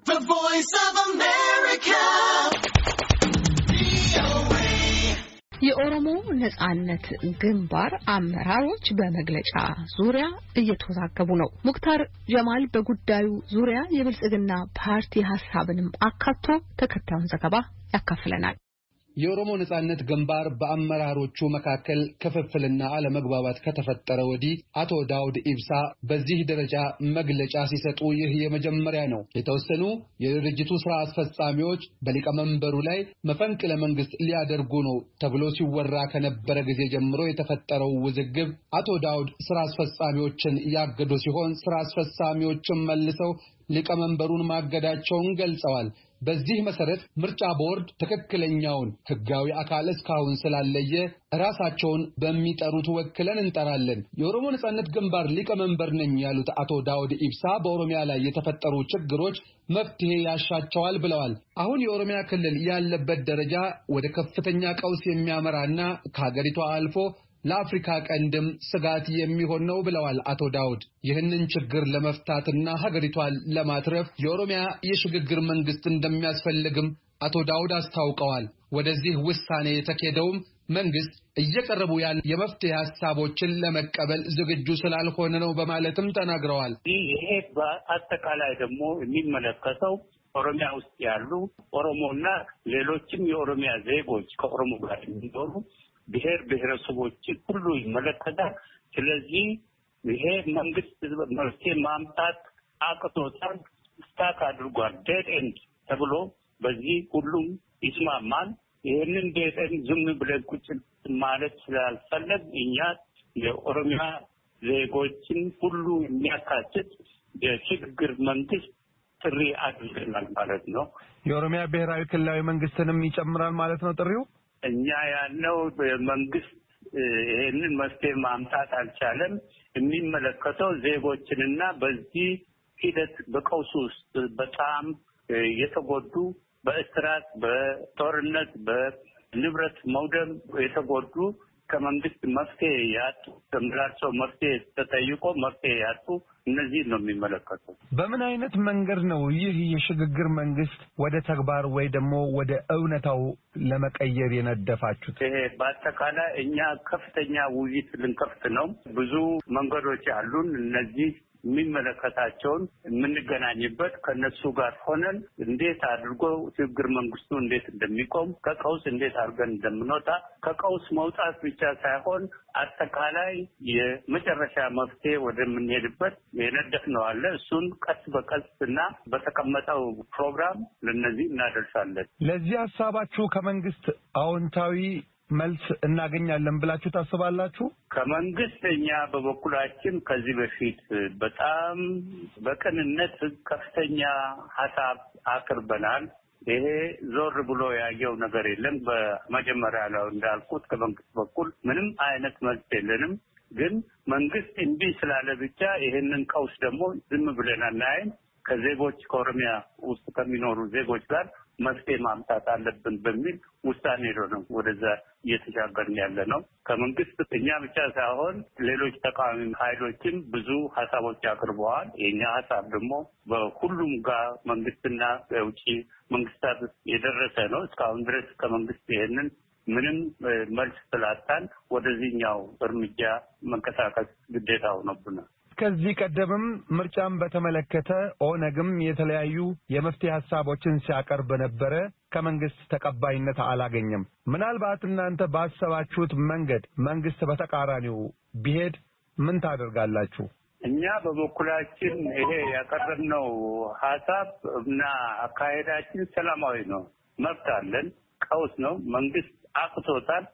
The Voice of America. የኦሮሞ ነጻነት ግንባር አመራሮች በመግለጫ ዙሪያ እየተወዛገቡ ነው። ሙክታር ጀማል በጉዳዩ ዙሪያ የብልጽግና ፓርቲ ሀሳብንም አካቶ ተከታዩን ዘገባ ያካፍለናል። የኦሮሞ ነጻነት ግንባር በአመራሮቹ መካከል ክፍፍልና አለመግባባት ከተፈጠረ ወዲህ አቶ ዳውድ ኢብሳ በዚህ ደረጃ መግለጫ ሲሰጡ ይህ የመጀመሪያ ነው። የተወሰኑ የድርጅቱ ስራ አስፈጻሚዎች በሊቀመንበሩ ላይ መፈንቅለ መንግስት ሊያደርጉ ነው ተብሎ ሲወራ ከነበረ ጊዜ ጀምሮ የተፈጠረው ውዝግብ አቶ ዳውድ ስራ አስፈጻሚዎችን ያገዱ ሲሆን ስራ አስፈጻሚዎችን መልሰው ሊቀመንበሩን ማገዳቸውን ገልጸዋል። በዚህ መሰረት ምርጫ ቦርድ ትክክለኛውን ህጋዊ አካል እስካሁን ስላለየ ራሳቸውን በሚጠሩት ወክለን እንጠራለን። የኦሮሞ ነጻነት ግንባር ሊቀመንበር ነኝ ያሉት አቶ ዳውድ ኢብሳ በኦሮሚያ ላይ የተፈጠሩ ችግሮች መፍትሄ ያሻቸዋል ብለዋል። አሁን የኦሮሚያ ክልል ያለበት ደረጃ ወደ ከፍተኛ ቀውስ የሚያመራና ከሀገሪቷ አልፎ ለአፍሪካ ቀንድም ስጋት የሚሆን ነው ብለዋል አቶ ዳውድ። ይህንን ችግር ለመፍታትና ሀገሪቷን ለማትረፍ የኦሮሚያ የሽግግር መንግስት እንደሚያስፈልግም አቶ ዳውድ አስታውቀዋል። ወደዚህ ውሳኔ የተኬደውም መንግስት እየቀረቡ ያሉ የመፍትሄ ሀሳቦችን ለመቀበል ዝግጁ ስላልሆነ ነው በማለትም ተናግረዋል። ይሄ በአጠቃላይ ደግሞ የሚመለከተው ኦሮሚያ ውስጥ ያሉ ኦሮሞና ሌሎችም የኦሮሚያ ዜጎች ከኦሮሞ ጋር የሚኖሩ ብሔር ብሔረሰቦች ሁሉ ይመለከታል። ስለዚህ ይሄ መንግስት መፍትሄ ማምጣት አቅቶታል፣ ስታክ አድርጓል። ዴድ ኤንድ ተብሎ በዚህ ሁሉም ይስማማል። ይህንን ዴድ ኤንድ ዝም ብለን ቁጭ ማለት ስላልፈለግ እኛ የኦሮሚያ ዜጎችን ሁሉ የሚያካትት የሽግግር መንግስት ጥሪ አድርገናል ማለት ነው። የኦሮሚያ ብሔራዊ ክልላዊ መንግስትንም ይጨምራል ማለት ነው ጥሪው። እኛ ያለው መንግስት ይሄንን መፍትሄ ማምጣት አልቻለም። የሚመለከተው ዜጎችንና በዚህ ሂደት በቀውስ ውስጥ በጣም የተጎዱ በእስራት፣ በጦርነት፣ በንብረት መውደም የተጎዱ ከመንግስት መፍትሄ ያጡ ተምራቸው መፍትሄ ተጠይቆ መፍትሄ ያጡ እነዚህ ነው የሚመለከቱ በምን አይነት መንገድ ነው ይህ የሽግግር መንግስት ወደ ተግባር ወይ ደግሞ ወደ እውነታው ለመቀየር የነደፋችሁት? ይሄ በአጠቃላይ እኛ ከፍተኛ ውይይት ልንከፍት ነው። ብዙ መንገዶች አሉን። እነዚህ የሚመለከታቸውን የምንገናኝበት ከነሱ ጋር ሆነን እንዴት አድርጎ ችግር መንግስቱ እንዴት እንደሚቆም ከቀውስ እንዴት አድርገን እንደምንወጣ ከቀውስ መውጣት ብቻ ሳይሆን አጠቃላይ የመጨረሻ መፍትሄ ወደምንሄድበት ነው አለ። እሱን ቀስ በቀስ እና በተቀመጠው ፕሮግራም ለነዚህ እናደርሳለን። ለዚህ ሀሳባችሁ ከመንግስት አዎንታዊ መልስ እናገኛለን ብላችሁ ታስባላችሁ? ከመንግስት እኛ በበኩላችን ከዚህ በፊት በጣም በቅንነት ከፍተኛ ሀሳብ አቅርበናል። ይሄ ዞር ብሎ ያየው ነገር የለም። በመጀመሪያ ላይ እንዳልኩት ከመንግስት በኩል ምንም አይነት መልስ የለንም። ግን መንግስት እምቢ ስላለ ብቻ ይሄንን ቀውስ ደግሞ ዝም ብለን አናይም። ከዜጎች ከኦሮሚያ ውስጥ ከሚኖሩ ዜጎች ጋር መፍትሄ ማምጣት አለብን በሚል ውሳኔ ሄዶ ነው ወደዛ እየተሻገርን ያለ ነው። ከመንግስት እኛ ብቻ ሳይሆን ሌሎች ተቃዋሚ ኃይሎችም ብዙ ሀሳቦች አቅርበዋል። የእኛ ሀሳብ ደግሞ በሁሉም ጋር መንግስትና የውጭ መንግስታት የደረሰ ነው። እስካሁን ድረስ ከመንግስት ይህንን ምንም መልስ ስላጣን ወደዚህኛው እርምጃ መንቀሳቀስ ግዴታ ሆኖብናል። ከዚህ ቀደምም ምርጫን በተመለከተ ኦነግም የተለያዩ የመፍትሄ ሀሳቦችን ሲያቀርብ ነበረ። ከመንግስት ተቀባይነት አላገኘም። ምናልባት እናንተ ባሰባችሁት መንገድ መንግስት በተቃራኒው ቢሄድ ምን ታደርጋላችሁ? እኛ በበኩላችን ይሄ ያቀረብነው ሀሳብ እና አካሄዳችን ሰላማዊ ነው። መብት አለን። ቀውስ ነው። መንግስት አቅቶታል።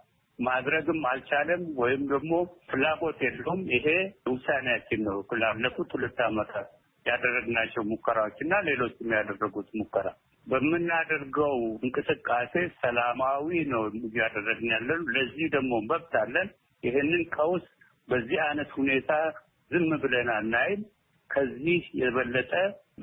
ማድረግም አልቻለም ወይም ደግሞ ፍላጎት የለውም። ይሄ ውሳኔያችን ነው። ላለፉት ሁለት ዓመታት ያደረግናቸው ሙከራዎች እና ሌሎችም ያደረጉት ሙከራ በምናደርገው እንቅስቃሴ ሰላማዊ ነው እያደረግን ያለን። ለዚህ ደግሞ መብት አለን። ይህንን ቀውስ በዚህ አይነት ሁኔታ ዝም ብለን አናይም። ከዚህ የበለጠ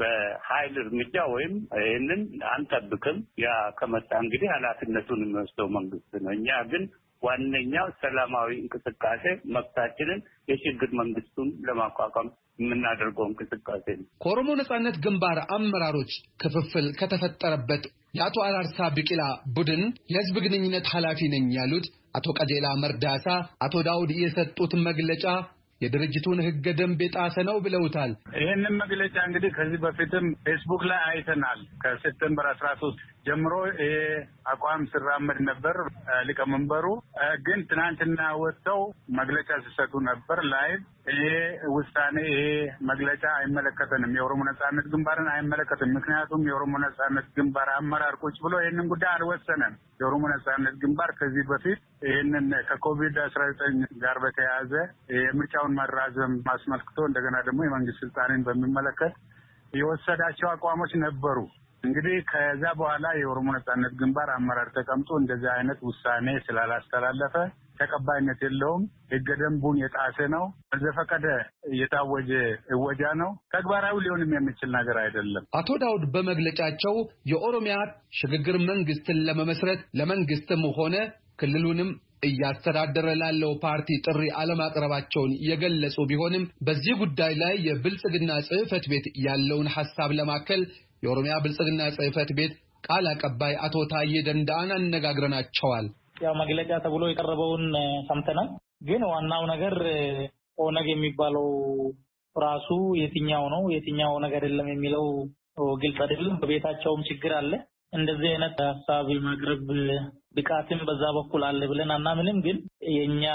በኃይል እርምጃ ወይም ይህንን አንጠብቅም። ያ ከመጣ እንግዲህ ኃላፊነቱን የሚወስደው መንግስት ነው። እኛ ግን ዋነኛው ሰላማዊ እንቅስቃሴ መብታችንን የሽግግር መንግስቱን ለማቋቋም የምናደርገው እንቅስቃሴ ነው። ከኦሮሞ ነጻነት ግንባር አመራሮች ክፍፍል ከተፈጠረበት የአቶ አራርሳ ቢቂላ ቡድን የህዝብ ግንኙነት ኃላፊ ነኝ ያሉት አቶ ቀጀላ መርዳሳ አቶ ዳውድ የሰጡት መግለጫ የድርጅቱን ህገ ደንብ የጣሰ ነው ብለውታል። ይህንን መግለጫ እንግዲህ ከዚህ በፊትም ፌስቡክ ላይ አይተናል። ከሴፕቴምበር አስራ ሶስት ጀምሮ ይሄ አቋም ሲራመድ ነበር። ሊቀመንበሩ ግን ትናንትና ወጥተው መግለጫ ሲሰጡ ነበር ላይቭ። ይሄ ውሳኔ ይሄ መግለጫ አይመለከተንም፣ የኦሮሞ ነጻነት ግንባርን አይመለከትም። ምክንያቱም የኦሮሞ ነጻነት ግንባር አመራር ቁጭ ብሎ ይህንን ጉዳይ አልወሰነም። የኦሮሞ ነጻነት ግንባር ከዚህ በፊት ይህንን ከኮቪድ አስራ ዘጠኝ ጋር በተያያዘ የምርጫውን መራዘም አስመልክቶ እንደገና ደግሞ የመንግስት ስልጣንን በሚመለከት የወሰዳቸው አቋሞች ነበሩ። እንግዲህ ከዛ በኋላ የኦሮሞ ነጻነት ግንባር አመራር ተቀምጦ እንደዚህ አይነት ውሳኔ ስላላስተላለፈ ተቀባይነት የለውም፣ ህገ ደንቡን የጣሰ ነው፣ በዘፈቀደ የታወጀ እወጃ ነው፣ ተግባራዊ ሊሆንም የሚችል ነገር አይደለም። አቶ ዳውድ በመግለጫቸው የኦሮሚያ ሽግግር መንግስትን ለመመስረት ለመንግስትም ሆነ ክልሉንም እያስተዳደረ ላለው ፓርቲ ጥሪ አለማቅረባቸውን የገለጹ ቢሆንም በዚህ ጉዳይ ላይ የብልጽግና ጽህፈት ቤት ያለውን ሐሳብ ለማከል የኦሮሚያ ብልጽግና ጽህፈት ቤት ቃል አቀባይ አቶ ታዬ ደንዳን አነጋግረናቸዋል። ያው መግለጫ ተብሎ የቀረበውን ሰምተናል። ግን ዋናው ነገር ኦነግ የሚባለው ራሱ የትኛው ነው የትኛው ኦነግ አይደለም የሚለው ግልጽ አይደለም። በቤታቸውም ችግር አለ። እንደዚህ አይነት ሀሳብ የማቅረብ ብቃትም በዛ በኩል አለ ብለን አናምንም። ግን የእኛ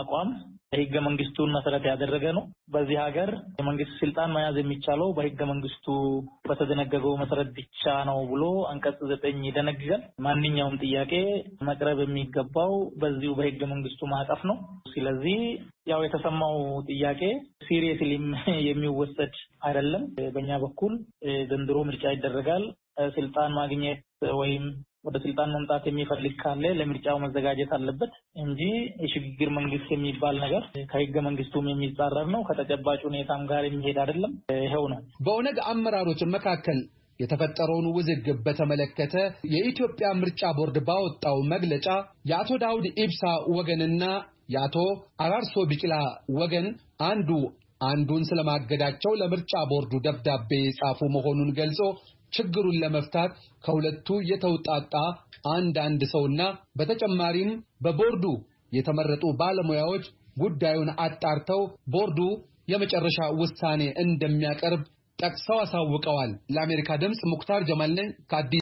አቋም የህገ መንግስቱን መሰረት ያደረገ ነው። በዚህ ሀገር የመንግስት ስልጣን መያዝ የሚቻለው በህገ መንግስቱ በተደነገገው መሰረት ብቻ ነው ብሎ አንቀጽ ዘጠኝ ይደነግጋል። ማንኛውም ጥያቄ መቅረብ የሚገባው በዚሁ በህገ መንግስቱ ማዕቀፍ ነው። ስለዚህ ያው የተሰማው ጥያቄ ሲሪየስሊ የሚወሰድ አይደለም። በእኛ በኩል ዘንድሮ ምርጫ ይደረጋል። ስልጣን ማግኘት ወይም ወደ ስልጣን መምጣት የሚፈልግ ካለ ለምርጫው መዘጋጀት አለበት እንጂ የሽግግር መንግስት የሚባል ነገር ከህገ መንግስቱም የሚጻረር ነው፣ ከተጨባጭ ሁኔታም ጋር የሚሄድ አይደለም። ይኸው ነው። በኦነግ አመራሮች መካከል የተፈጠረውን ውዝግብ በተመለከተ የኢትዮጵያ ምርጫ ቦርድ ባወጣው መግለጫ የአቶ ዳውድ ኢብሳ ወገንና የአቶ አራርሶ ቢቂላ ወገን አንዱ አንዱን ስለማገዳቸው ለምርጫ ቦርዱ ደብዳቤ የጻፉ መሆኑን ገልጾ ችግሩን ለመፍታት ከሁለቱ የተውጣጣ አንድ አንድ ሰውና በተጨማሪም በቦርዱ የተመረጡ ባለሙያዎች ጉዳዩን አጣርተው ቦርዱ የመጨረሻ ውሳኔ እንደሚያቀርብ ጠቅሰው አሳውቀዋል። ለአሜሪካ ድምፅ ሙክታር ጀማል ነኝ ከአዲስ